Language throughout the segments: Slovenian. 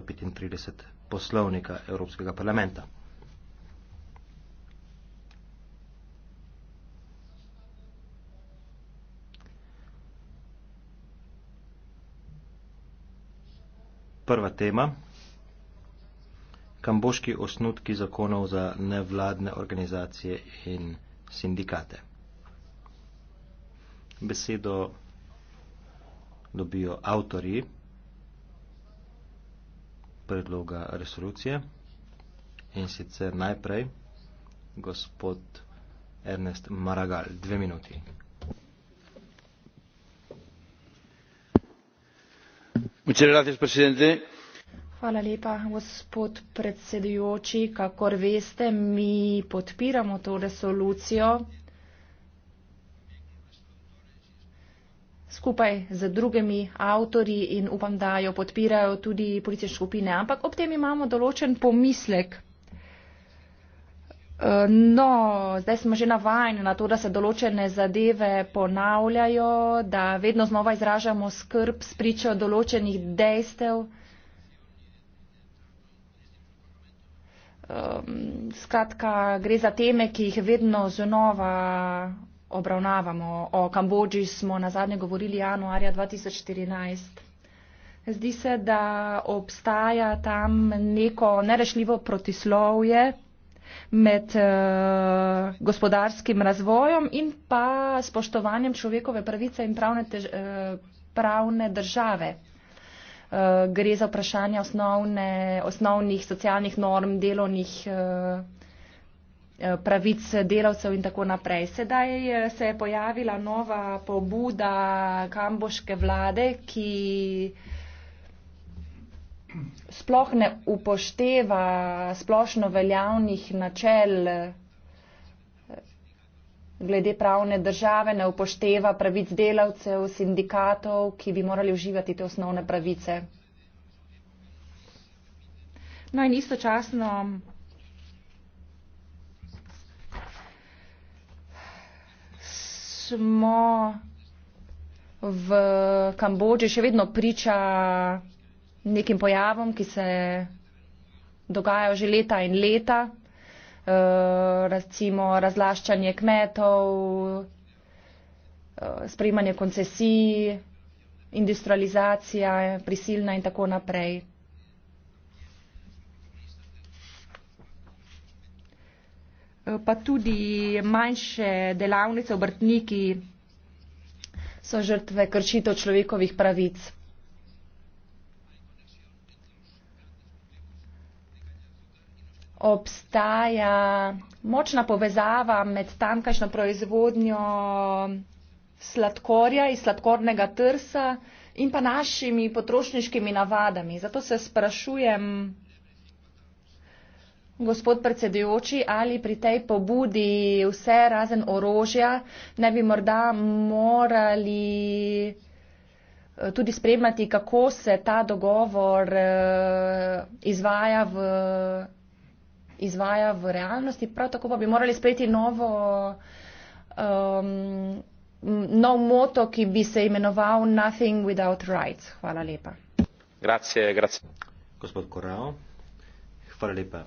135 poslovnika Evropskega parlamenta. Prva tema, kamboški osnutki zakonov za nevladne organizacije in sindikate. Besedo dobijo avtori predloga resolucije. In sicer najprej gospod Ernest Maragal, dve minuti. Hvala lepa, gospod predsedujoči. Kakor veste, mi podpiramo to resolucijo. skupaj z drugimi avtori in upam, da jo podpirajo tudi policijske skupine. Ampak ob tem imamo določen pomislek. E, no, zdaj smo že navajeni na to, da se določene zadeve ponavljajo, da vedno znova izražamo skrb s pričo določenih dejstev. Skratka, gre za teme, ki jih vedno znova obravnavamo. O Kambodži smo nazadnje govorili januarja 2014. Zdi se, da obstaja tam neko nerešljivo protislovje med uh, gospodarskim razvojem in pa spoštovanjem človekove pravice in pravne, tež, uh, pravne države. Uh, gre za vprašanje osnovne, osnovnih socialnih norm, delovnih uh, Eh, pravic delavcev in tako naprej. Sedaj eh, se je pojavila nova pobuda kamboške vlade, ki sploh ne upošteva splošno veljavnih načel eh, glede pravne države, ne upošteva pravic delavcev, sindikatov, ki bi morali uživati te osnovne pravice. No in istočasno smo v Kambodži še vedno priča nekim pojavom, ki se dogajajo že leta in leta, eh, recimo razlaščanje kmetov, eh, sprejmanje koncesij, industrializacija, prisilna in tako naprej. pa tudi manjše delavnice, obrtniki so žrtve kršitev človekovih pravic. Obstaja močna povezava med tamkajšnjo proizvodnjo sladkorja iz sladkornega trsa in pa našimi potrošniškimi navadami. Zato se sprašujem, Gospod predsedujoči, ali pri tej pobudi vse razen orožja ne bi morda morali eh, tudi spremljati, kako se ta dogovor eh, izvaja v, izvaja v realnosti, prav tako pa bi morali sprejeti novo, um, nov moto, ki bi se imenoval Nothing without rights. Hvala lepa. Grazie, grazie. Gospod Korao, hvala lepa.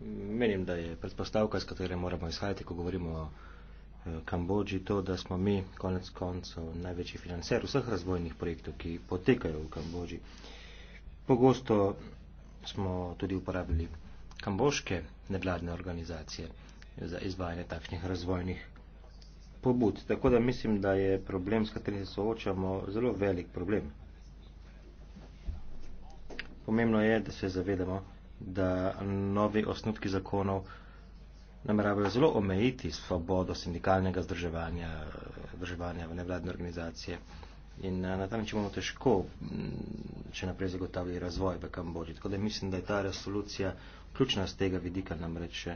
Menim, da je predpostavka, iz katere moramo izhajati, ko govorimo o eh, Kambodži, to, da smo mi konec koncev največji financer vseh razvojnih projektov, ki potekajo v Kambodži. Pogosto smo tudi uporabili kamboške nevladne organizacije za izvajanje takšnih razvojnih pobud. Tako da mislim, da je problem, s katerim se soočamo, zelo velik problem. Pomembno je, da se zavedamo, da novi osnutki zakonov nameravajo zelo omejiti svobodo sindikalnega združevanja, združevanja v nevladne organizacije. In eh, na ta način bomo težko mm, še naprej zagotavljali razvoj v Kambodži. Tako da mislim, da je ta resolucija ključna z tega vidika namreč,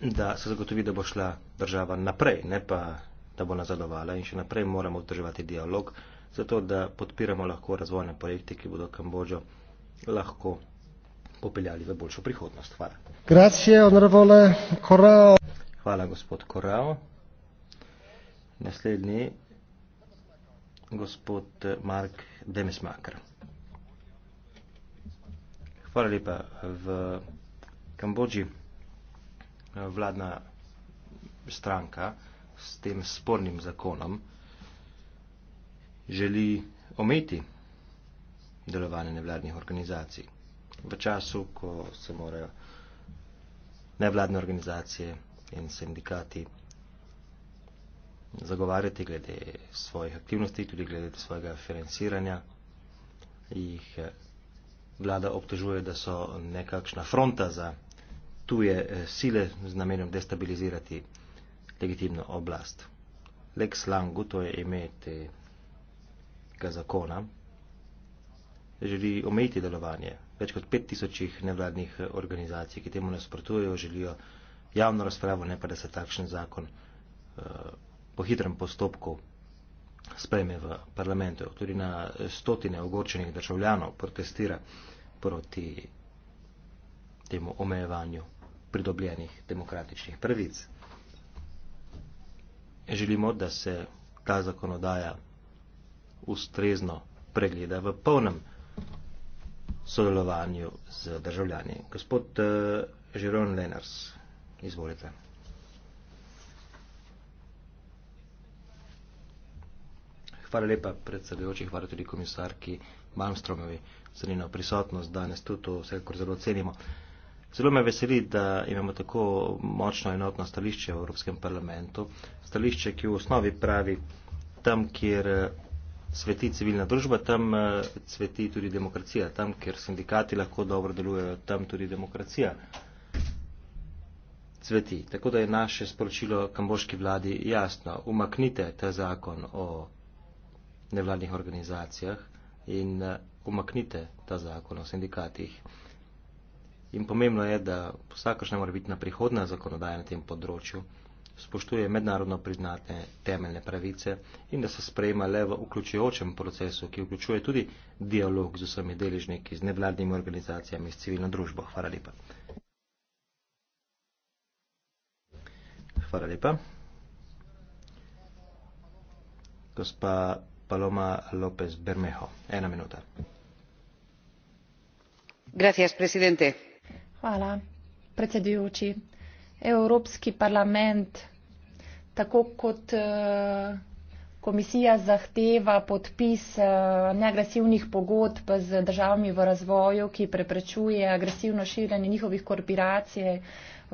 da se zagotovi, da bo šla država naprej, ne pa da bo nazadovala in še naprej moramo vzdrževati dialog, zato da podpiramo lahko razvojne projekte, ki bodo Kambodžo lahko popeljali v boljšo prihodnost. Hvala. Grazie, onorevole Corrao. Hvala, gospod Corrao. Naslednji, gospod Mark Demesmaker. Hvala lepa. V Kambodži eh, vladna stranka s tem spornim zakonom želi ometi delovanje nevladnih organizacij v času, ko se morajo nevladne organizacije in sindikati zagovarjati glede svojih aktivnosti, tudi glede svojega financiranja, jih eh, vlada obtožuje, da so nekakšna fronta za tuje eh, sile z namenom destabilizirati legitimno oblast. Lex Langu, to je ime tega zakona, želi omejiti delovanje. Več kot 5000 nevladnih eh, organizacij, ki temu nasprotujejo, želijo javno razpravo, ne pa da se takšen zakon uh, po hitrem postopku sprejme v parlamentu. Tudi na eh, stotine ogorčenih državljanov protestira proti temu omejevanju pridobljenih demokratičnih pravic. Želimo, da se ta zakonodaja ustrezno pregleda v polnem sodelovanju z državljani. Gospod eh, Žiron Lenars, izvolite. Hvala lepa predsedujoči, hvala tudi komisarki Malmstromovi za njeno prisotnost danes tu, to vsekakor zelo cenimo. Zelo me veseli, da imamo tako močno enotno stališče v Evropskem parlamentu. Stališče, ki v osnovi pravi tam, kjer cveti civilna družba, tam eh, cveti tudi demokracija. Tam, kjer sindikati lahko dobro delujejo, tam tudi demokracija cveti. Tako da je naše sporočilo kamboški vladi jasno. Umaknite ta zakon o nevladnih organizacijah in eh, umaknite ta zakon o sindikatih. In pomembno je, da vsakršna mora biti na prihodna zakonodaja na tem področju spoštuje mednarodno priznate temeljne pravice in da se sprejema le v vključujočem procesu, ki vključuje tudi dialog z vsemi deležniki, z nevladnimi organizacijami, s civilno družbo. Hvala lepa. Hvala lepa. Gospa Paloma López Bermejo, ena minuta. Gracias, Hvala, predsedujoči. Evropski parlament tako kot eh, komisija zahteva podpis eh, neagresivnih pogodb z državami v razvoju, ki preprečuje agresivno širjanje njihovih korporacij,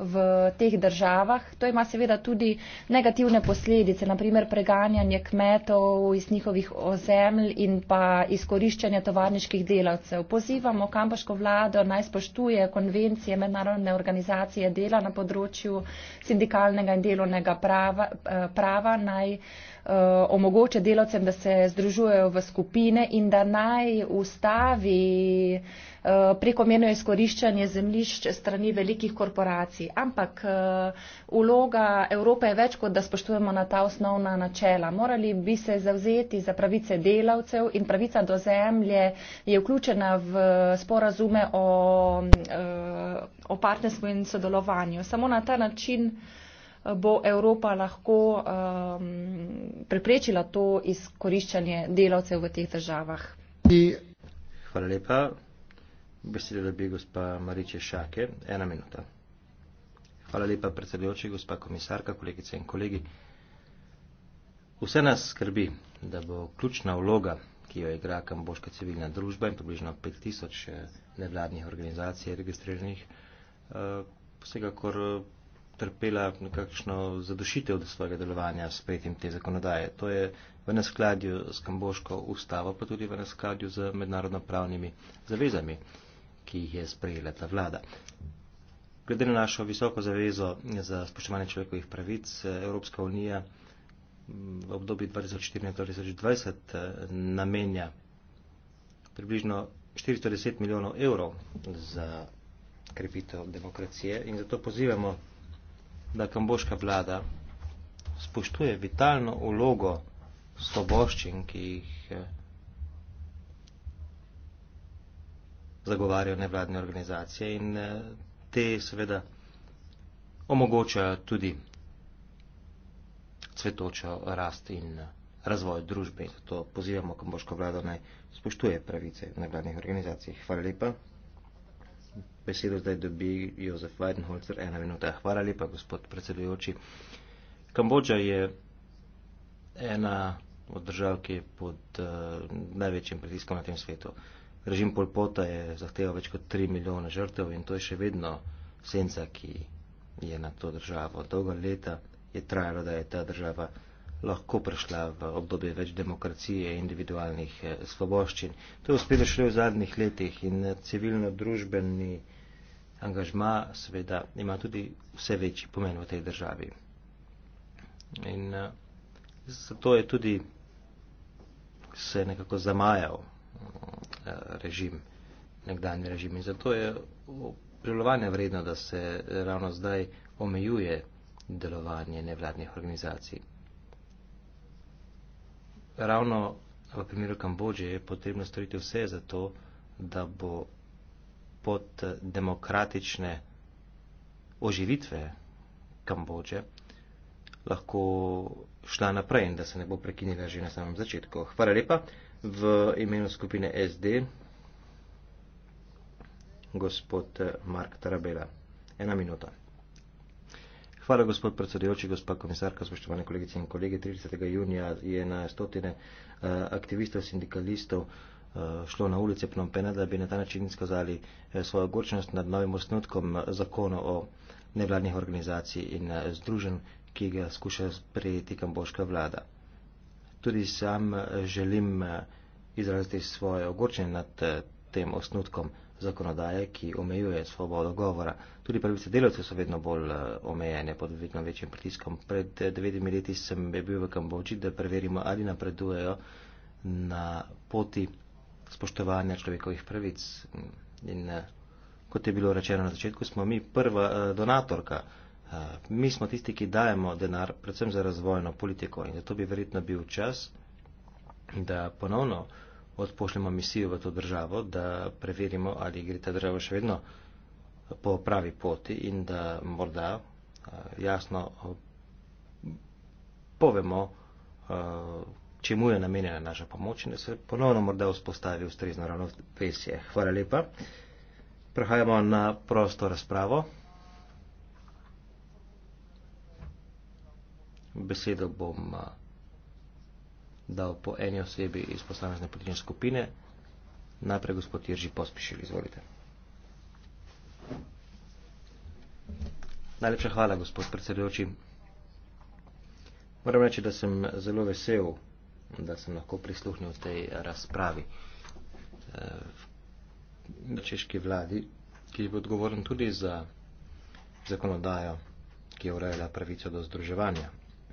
v teh državah. To ima seveda tudi negativne posledice, naprimer preganjanje kmetov iz njihovih ozemelj in pa izkoriščanje tovarniških delavcev. Pozivamo kambaško vlado naj spoštuje konvencije mednarodne organizacije dela na področju sindikalnega in delovnega prava, eh, prava naj eh, omogoče delavcem, da se združujejo v skupine in da naj ustavi Eh, prekomerno izkoriščanje zemljišč strani velikih korporacij. Ampak uloga eh, Evrope je več kot, da spoštujemo na ta osnovna načela. Morali bi se zavzeti za pravice delavcev in pravica do zemlje je vključena v eh, sporazume o, o partnerstvu in sodelovanju. Samo na ta način bo Evropa lahko um, preprečila to izkoriščanje delavcev v teh državah. Hvala lepa. Besedo dobi gospa Mariče Šake. Ena minuta. Hvala lepa, predsedujoči, gospa komisarka, kolegice in kolegi. Vse nas skrbi, da bo ključna vloga, ki jo igra kamboška civilna družba in približno 5000 eh, nevladnih organizacij registriranih, eh, vsekakor eh, trpela nekakšno zadušitev do svojega delovanja s pretim te zakonodaje. To je v neskladju s kamboško ustavo, pa tudi v neskladju z mednarodno pravnimi zavezami ki jih je sprejela ta vlada. Glede na našo visoko zavezo za spoštovanje človekovih pravic, Evropska unija v obdobju 2014-2020 namenja približno 410 milijonov evrov za krepitev demokracije in zato pozivamo, da kamboška vlada spoštuje vitalno ulogo sloboščin, ki jih zagovarjajo nevladne organizacije in eh, te seveda omogočajo tudi cvetočo rast in eh, razvoj družbe. Zato pozivamo kamboško vlado naj spoštuje pravice nevladnih organizacij. Hvala lepa. Besedo zdaj dobi Jozef Weidenholzer, ena minuta. Hvala lepa, gospod predsedujoči. Kambodža je ena od držav, ki je pod uh, največjim pritiskom na tem svetu. Uh, režim Polpota je zahteval več kot 3 milijone žrtev in to je še vedno senca, ki je na to državo. Dolga leta je trajalo, da je ta država lahko prišla v obdobje več demokracije in individualnih eh, svoboščin. To je uspelo šele v zadnjih letih in eh, civilno-družbeni angažma seveda ima tudi vse večji pomen v tej državi. In eh, zato je tudi se nekako zamajal Eh, režim, nekdanji režim. In zato je prilovanje vredno, da se ravno zdaj omejuje delovanje nevladnih organizacij. Ravno v primeru Kambođe je potrebno storiti vse za to, da bo pod demokratične oživitve Kambođe lahko šla naprej in da se ne bo prekinila že na samem začetku. Hvala lepa v imenu skupine SD gospod Mark Tarabela. Ena minuta. Hvala, gospod predsedujoči, gospod komisarka, spoštovane kolegice in kolege. 30. junija je na stotine uh, aktivistov, sindikalistov uh, šlo na ulice Pnompena, da bi na ta način izkazali uh, svojo ogorčenost nad novim osnutkom zakona o nevladnih organizacij in uh, združen, ki ga skuša sprejeti kambožka vlada tudi sam eh, želim eh, izraziti svoje ogorčenje nad eh, tem osnutkom zakonodaje, ki omejuje svobodo govora. Tudi pravice delavcev so vedno bolj omejene pod vedno večjim pritiskom. Pred devetimi leti sem bil v Kambodži, da preverimo, ali napredujejo na poti spoštovanja človekovih pravic. In kot je bilo rečeno na začetku, smo mi prva donatorka Eh, mi smo tisti, ki dajemo denar predvsem za razvojno politiko in zato bi verjetno bil čas, da ponovno odpošljemo misijo v to državo, da preverimo, ali gre ta država še vedno po pravi poti in da morda eh, jasno eh, povemo, čemu je namenjena naša pomoč in da se ponovno morda vzpostavi ustrezno ravnovesje. Hvala lepa. Prehajamo na prosto razpravo. besedo bom dal po eni osebi iz posamezne politične skupine. Najprej gospod Irži Pospišil, izvolite. Najlepša hvala, gospod predsedujoči. Moram reči, da sem zelo vesel, da sem lahko prisluhnil tej razpravi v eh, češki vladi, ki je odgovoren tudi za zakonodajo, ki je urejala pravico do združevanja.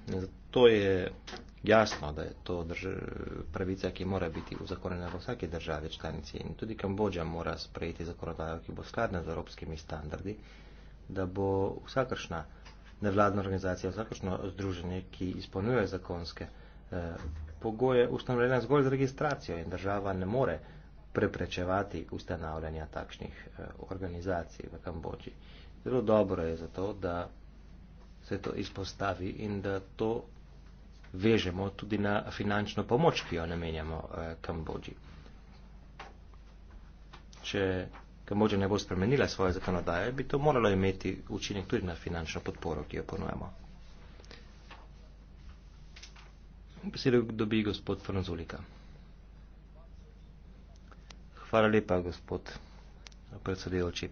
Zato je jasno, da je to drž pravica, ki mora biti uzakonjena v vsaki državi članici in tudi Kambodža mora sprejeti zakonodajo, ki bo skladna z evropskimi standardi, da bo vsakršna nevladna organizacija, vsakršno združenje, ki izpolnjuje zakonske eh, pogoje, ustanovljena zgolj z registracijo in država ne more preprečevati ustanavljanja takšnih eh, organizacij v Kambodži. Zelo dobro je zato, da se to izpostavi in da to vežemo tudi na finančno pomoč, ki jo namenjamo eh, Kambodži. Če Kambodža ne bo spremenila svoje zakonodaje, bi to moralo imeti učinek tudi na finančno podporo, ki jo ponujemo. Besedo dobi gospod Franzulika. Hvala lepa, gospod predsedujoči.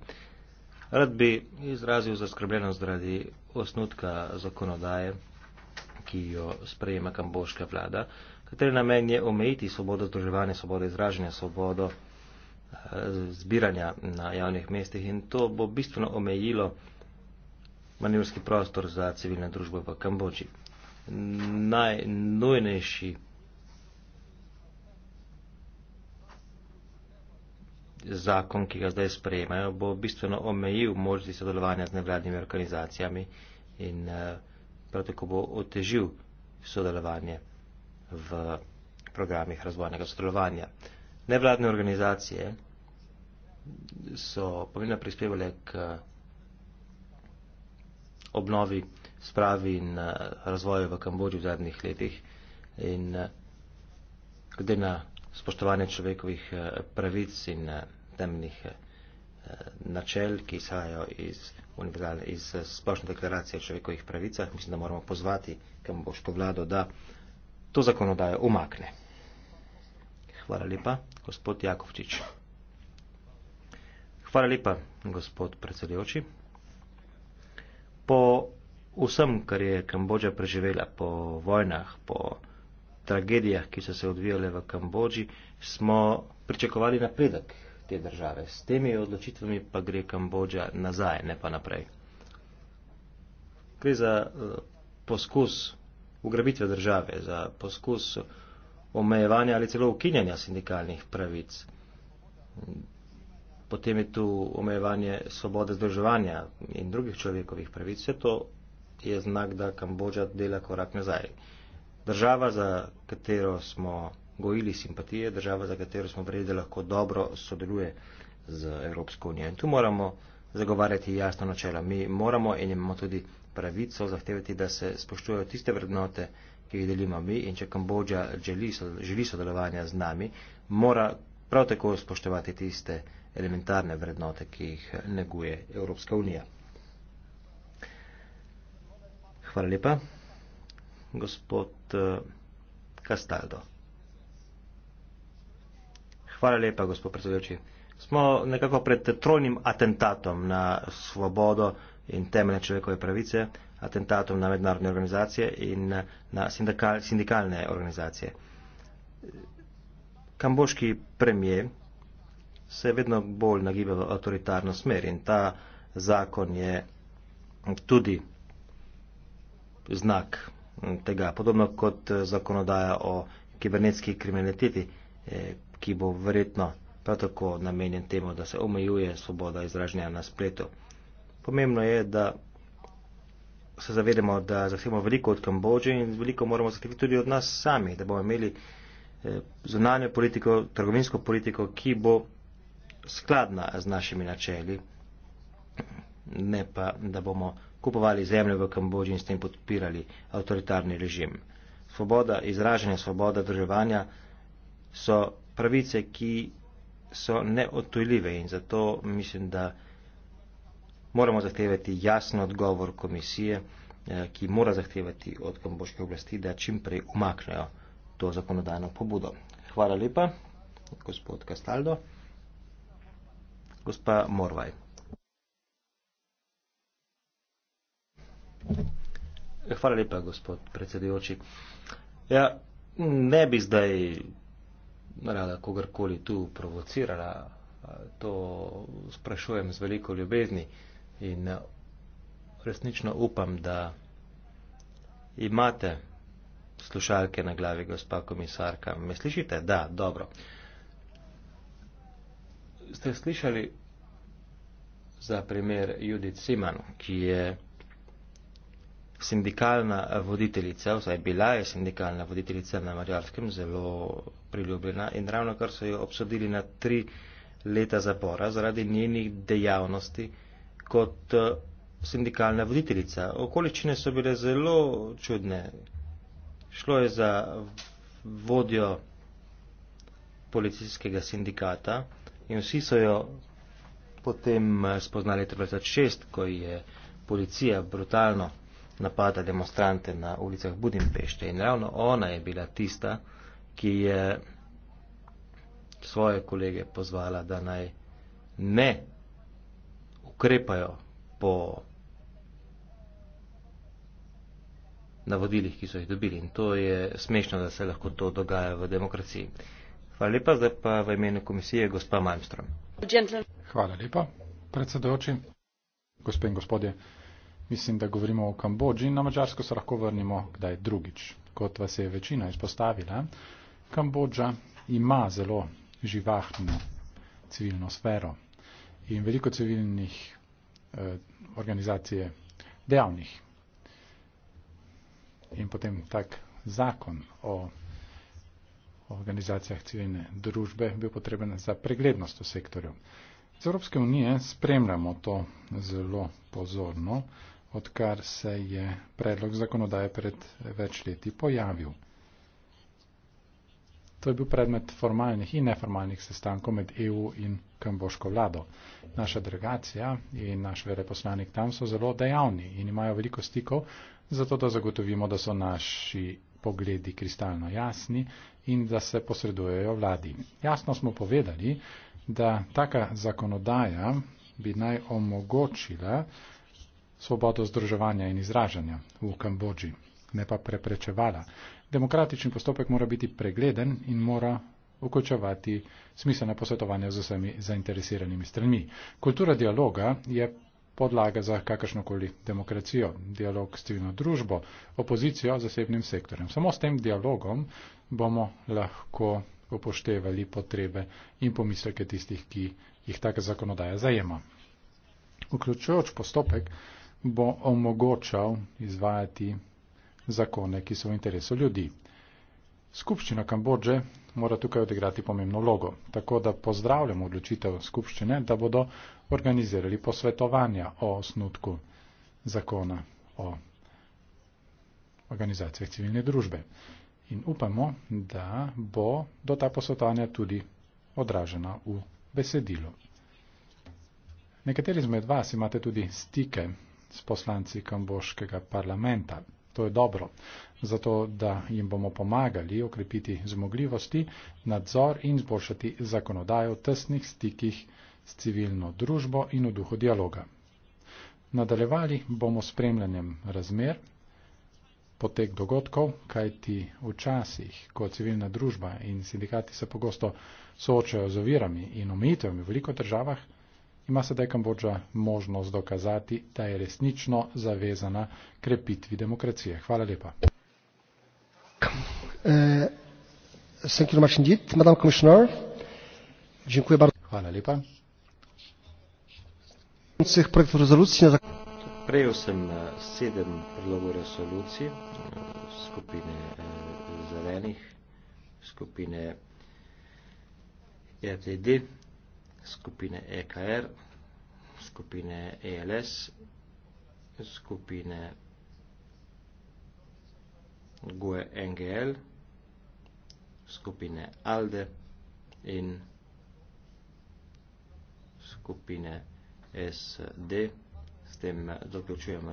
Rad bi izrazil zaskrbljenost zaradi osnutka zakonodaje, ki jo sprejema kambožka vlada, kateri namen je omejiti svobodo združevanja, svobodo izražanja, svobodo eh, zbiranja na javnih mestih in to bo bistveno omejilo manevrski prostor za civilne družbe v Kambodži. Najnujnejši zakon, ki ga zdaj sprejemajo, bo bistveno omejil možnosti sodelovanja z nevladnimi organizacijami in eh, prav tako bo otežil sodelovanje v programih razvojnega sodelovanja. Nevladne organizacije so pomembno prispevale k eh, obnovi spravi in eh, razvoju v Kambodži v zadnjih letih in glede na spoštovanje človekovih eh, pravic in eh, temeljnih eh, načel, ki izhajajo iz, iz splošne deklaracije o človekovih pravicah. Mislim, da moramo pozvati kamboško vlado, da to zakonodajo umakne. Hvala lepa, gospod Jakovčič. Hvala lepa, gospod predsedujoči. Po vsem, kar je Kambodža preživela, po vojnah, po vojnah, tragedijah, ki so se odvijale v Kambodži, smo pričakovali napredek te države. S temi odločitvami pa gre Kambodža nazaj, ne pa naprej. Gre za eh, poskus ugrabitve države, za poskus omejevanja ali celo ukinjanja sindikalnih pravic. Potem je tu omejevanje svobode združevanja in drugih človekovih pravic. Vse to je znak, da Kambodža dela korak nazaj. Država, za katero smo gojili simpatije, država, za katero smo verjeli, da lahko dobro sodeluje z Evropsko unijo. In tu moramo zagovarjati jasno načela. Mi moramo in imamo tudi pravico zahtevati, da se spoštujejo tiste vrednote, ki jih delimo mi in če Kambodža želi, želi sodelovanja z nami, mora prav tako spoštovati tiste elementarne vrednote, ki jih neguje Evropska unija. Hvala lepa gospod eh, Castaldo. Hvala lepa, gospod predsedujoči. Smo nekako pred trojnim atentatom na svobodo in temeljne človekove pravice, atentatom na mednarodne organizacije in na sindikal, sindikalne organizacije. Kamboški premijer se je vedno bolj nagibal v avtoritarno smer in ta zakon je tudi znak tega, podobno kot eh, zakonodaja o kibernetski kriminaliteti, eh, ki bo verjetno prav tako namenjen temu, da se omejuje svoboda izražanja na spletu. Pomembno je, da se zavedamo, da zahtevamo veliko od Kambodže in veliko moramo zahtevati tudi od nas sami, da bomo imeli eh, zunanjo politiko, trgovinsko politiko, ki bo skladna z našimi načeli, ne pa, da bomo kupovali zemljo v Kambođi in s tem podpirali avtoritarni režim. Svoboda izražanja, svoboda državanja so pravice, ki so neotujljive in zato mislim, da moramo zahtevati jasen odgovor komisije, eh, ki mora zahtevati od kambočke oblasti, da čim prej umaknejo to zakonodajno pobudo. Hvala lepa, gospod Kastaldo. Gospa Morvaj. Hvala lepa, gospod predsedujoči. Ja, ne bi zdaj rada kogarkoli tu provocirala. To sprašujem z veliko ljubezni in resnično upam, da imate slušalke na glavi, gospa komisarka. Me slišite? Da, dobro. Ste slišali za primer Judith Siman, ki je sindikalna voditeljica, vsaj bila je sindikalna voditeljica na Mađarskem, zelo priljubljena in ravno kar so jo obsodili na tri leta zapora zaradi njenih dejavnosti kot eh, sindikalna voditeljica. Okoličine so bile zelo čudne. Šlo je za vodjo policijskega sindikata in vsi so jo potem eh, spoznali 36, ko je policija brutalno napada demonstrante na ulicah Budimpešte. In ravno ona je bila tista, ki je svoje kolege pozvala, da naj ne ukrepajo po navodilih, ki so jih dobili. In to je smešno, da se lahko to dogaja v demokraciji. Hvala lepa, zdaj pa v imenu komisije gospa Malmström. Hvala lepa, predsedojoči, gospe in gospodje. Mislim, da govorimo o Kambodži in na Mačarsko se lahko vrnimo kdaj drugič. Kot vas je večina izpostavila, Kambodža ima zelo živahno civilno sfero in veliko civilnih eh, organizacij je dejavnih. In potem tak zakon o organizacijah civilne družbe bil potreben za preglednost v sektorju. Z Evropske unije spremljamo to zelo pozorno odkar se je predlog zakonodaje pred eh, več leti pojavil. To je bil predmet formalnih in neformalnih sestankov med EU in kamboško vlado. Naša delegacija in naš veleposlanik tam so zelo dejavni in imajo veliko stikov, zato da zagotovimo, da so naši pogledi kristalno jasni in da se posredujejo vladi. Jasno smo povedali, da taka zakonodaja bi naj omogočila, svobodo združevanja in izražanja v Kambodži, ne pa preprečevala. Demokratični postopek mora biti pregleden in mora vključevati smiselna posvetovanja z vsemi zainteresiranimi stranmi. Kultura dialoga je podlaga za kakršnokoli demokracijo, dialog s civilno družbo, opozicijo, zasebnim sektorjem. Samo s tem dialogom bomo lahko upoštevali potrebe in pomisleke tistih, ki jih taka zakonodaja zajema. Vključujoč postopek bo omogočal izvajati zakone, ki so v interesu ljudi. Skupščina Kambodže mora tukaj odigrati pomembno vlogo, tako da pozdravljamo odločitev skupščine, da bodo organizirali posvetovanja o osnutku zakona o organizacijah civilne družbe. In upamo, da bo do ta posvetovanja tudi odražena v besedilu. Nekateri izmed vas imate tudi stike s poslanci kamboškega parlamenta. To je dobro, zato da jim bomo pomagali okrepiti zmogljivosti, nadzor in zboljšati zakonodajo v tesnih stikih s civilno družbo in v duhu dialoga. Nadaljevali bomo s spremljanjem razmer, potek dogodkov, kajti včasih, ko civilna družba in sindikati se pogosto soočajo z ovirami in omejitvami v veliko državah, ima sedaj Kambodža možnost dokazati, da je resnično zavezana krepitvi demokracije. Hvala lepa. Eh, Hvala lepa. Prejel sem eh, sedem predlogov resolucij eh, skupine zelenih, skupine ETD skupine EKR, skupine ELS, skupine GUE-NGL, skupine ALDE in skupine SD. S tem zaključujemo razpravo.